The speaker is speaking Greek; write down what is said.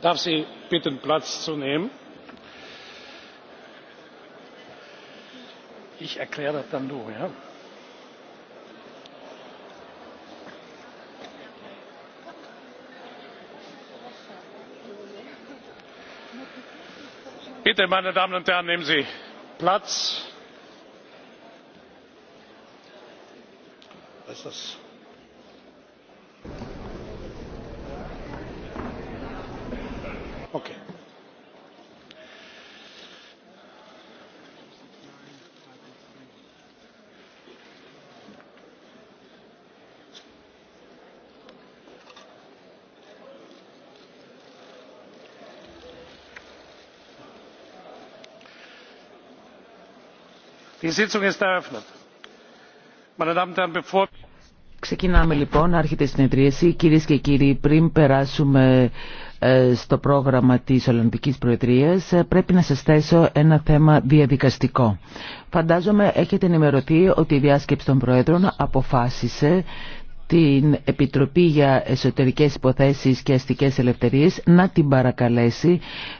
darf sie bitten platz zu nehmen. ich erkläre das dann ja. bitte meine damen und herren nehmen sie platz. Okay. Die Sitzung ist eröffnet. Ξεκινάμε λοιπόν, άρχεται η συνεδρίαση. Κυρίες και κύριοι, πριν περάσουμε ε, στο πρόγραμμα της Ολλανδικής Προεδρίας, ε, πρέπει να σας θέσω ένα θέμα διαδικαστικό. Φαντάζομαι έχετε ενημερωθεί ότι η διάσκεψη των Προέδρων αποφάσισε την Επιτροπή για Εσωτερικές Υποθέσεις και Αστικές Ελευθερίες να την παρακαλέσει